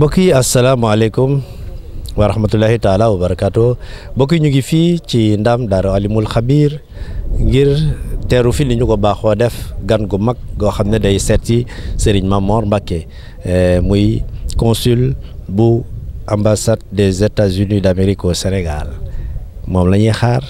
mbokk yi asalaamaaleykum wa rahmatullahi taala wa barakaatu mbokk yi ñu ngi fii ci ndam daaru alimul xabiir ngir teeru fi li ñu ko baaxoo def gan gu mag goo xam ne day seet si Serigne Mamor Mbacké eh, muy consul bu ambassade des États-Unis d'Amérique au Sénégal moom la xaar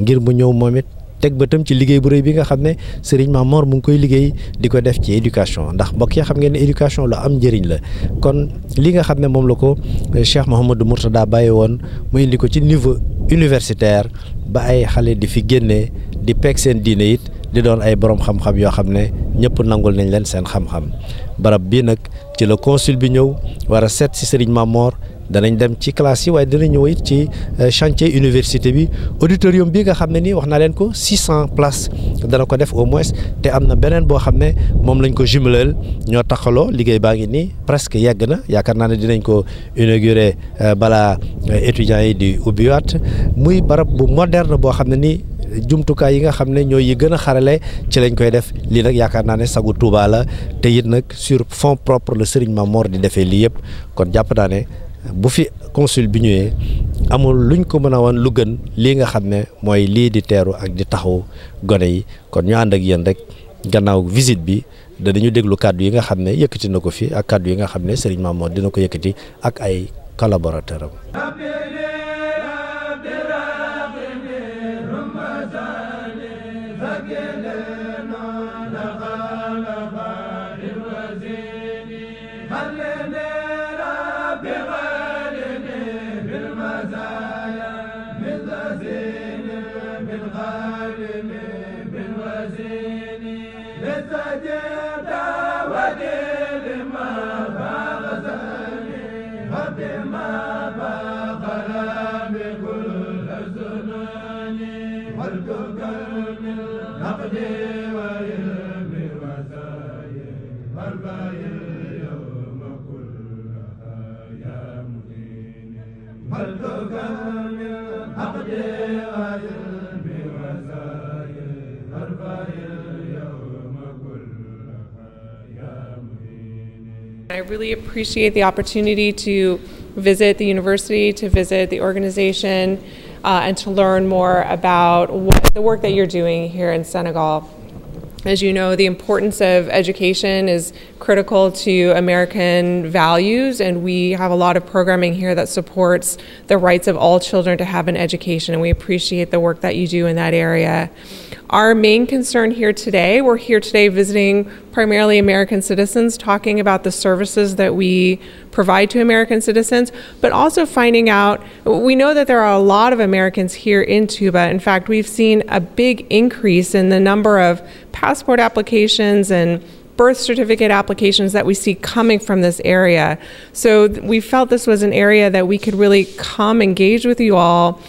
ngir mu ñëw moom teg bëtam ci liggéey bu réy bi nga xam ne Serigne Mamor mu ngi koy liggéey di ko def ci éducation ndax mbokk yi xam ngeen ne éducation lu am njëriñ la kon li nga xam ne moom la ko euh, Cheikh Mouhamadou daa bàyyi woon mu indi ko ci niveau universitaire ba ay xale di fi génne di peeg seen diine it di doon ay borom xam-xam yoo xam ne ñëpp nangul nañ leen seen xam-xam barab bii nag ci la consul bi ñëw wara seet si Serigne Mamor danañ dem ci classe yi waaye dana ñëw ci euh, chantier université bi auditorium bi nga xam ne nii wax naa leen ko 600 place dana ko def au moins te am na beneen boo xam ne moom lañ ko jumeleel ñoo taxaloo liggéey baa ngi nii presque yegg na yaakaar naa ne dinañ ko inaugurer euh, balaa euh, étudiants yi di ubbiwaat muy barab bu moderne boo xam ne ni jumtukaay yi nga xam ne ñooy yi gën a xarale ci lañ koy def lii nag yaakaar naa ne sagu Touba la te it nag sur fonds propre le Serigne Mamor di defee lii yëpp kon jàpp naa ne bu fi consul bi ñëwee amul luñ ko mën a wan lu gën lii nga xam ne mooy lii di teeru ak di taxaw gone yi kon ñu ànd ak yéen rek gannaaw visit bi danañu déglu kàddu yi nga xam ne yëkkati na ko fi ak kàddu yi nga xam ne Serigne Mamour dina ko yëkkati ak ay collaborateur am Hallelujah. Al I really appreciate the opportunity to visit the university, to visit the organization, uh, and to learn more about what, the work that you're doing here in Senegal. As you know, the importance of education is critical to American values, and we have a lot of programming here that supports the rights of all children to have an education, and we appreciate the work that you do in that area. Our main concern here today, we're here today visiting primarily American citizens, talking about the services that we provide to American citizens, but also finding out we know that there are a lot of Americans here in Tuba. In fact, we've seen a big increase in the number of passport applications and birth certificate applications that we see coming from this area. So we felt this was an area that we could really come engage with you all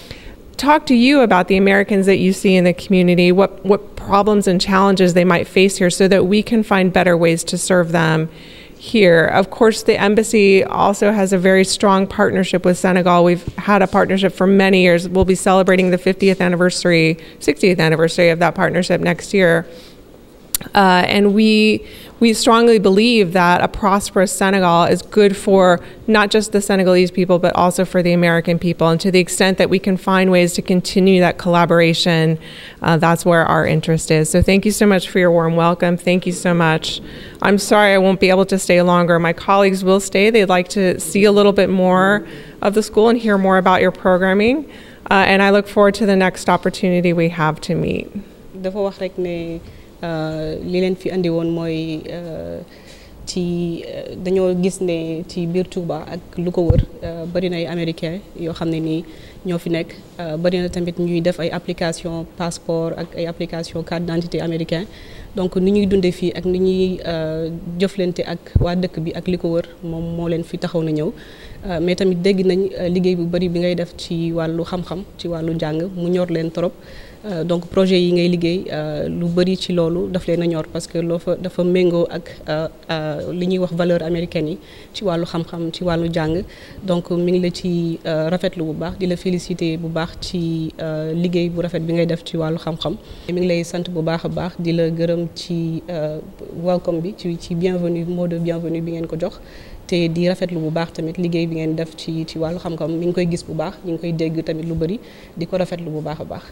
talk to you about the Americans that you see in the community, what, problems and challenges they might face here, so that we can find better ways to serve them here. Of course, the embassy also has a very strong partnership with Senegal. We've had a partnership for many years. We'll be celebrating the 50 anniversary, 60 anniversary of that partnership next year. Uh, and we strongly believe that a prosperous Senegal is good for not just the Senegalese people, but also for the American people. And to the extent that we can find ways to continue that collaboration, uh, that's where our interest is. thank you so much for your warm welcome. Thank you so much. I'm sorry I won't be able to stay longer. My colleagues will stay. They'd like to see a little bit more of the school and hear more about your programming. Uh, and I look forward Euh, li leen fi andi woon mooy euh, ci euh, dañoo gis ne ci biir Touba ak lu ko wër bari na ay américains yoo xam ne nii ñoo fi nekk bari tamit ñuy def ay application passeport ak ay application carte américain donc ni ñuy dundee fii ak ni ñuy jëflante ak waa dëkk bi ak li ko wër moom moo leen fi taxaw na ñëw Euh, mais tamit dégg nañ euh, liggéey bu bari bi ngay def ci wàllu xam-xam ci wàllu njàng mu ñor leen trop euh, donc projet yi ngay liggéey lu bari ci loolu daf leen a ñor parce que loo fa dafa méngoo ak li ñuy wax valeur américaine yi ci wàllu xam-xam ci wàllu jàng donc mi ngi la ci rafetlu bu baax di la féliciter bu baax ci liggéey bu rafet bi ngay def ci wàllu xam-xam. mi ngi lay sant bu baax a baax di la gërëm ci welcome bi ci ci bienvenue mot de bienvenue bi ngeen ko jox. te di rafetlu bu baax tamit liggéey bi ngeen def ci ci wàll xam-xam mi ngi koy gis bu baax ñu ngi koy dégg tamit lu bari di ko rafetlu bu baax a baax.